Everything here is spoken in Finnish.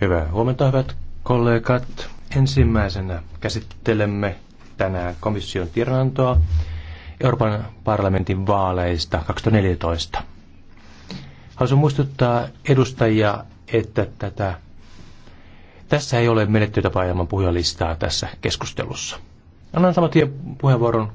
Hyvää huomenta hyvät kollegat. Ensimmäisenä käsittelemme tänään komission tiedonantoa Euroopan parlamentin vaaleista 2014. Haluaisin muistuttaa edustajia, että tätä, tässä ei ole menettelytapa ilman puhujalistaa tässä keskustelussa. Annan saman tien puheenvuoron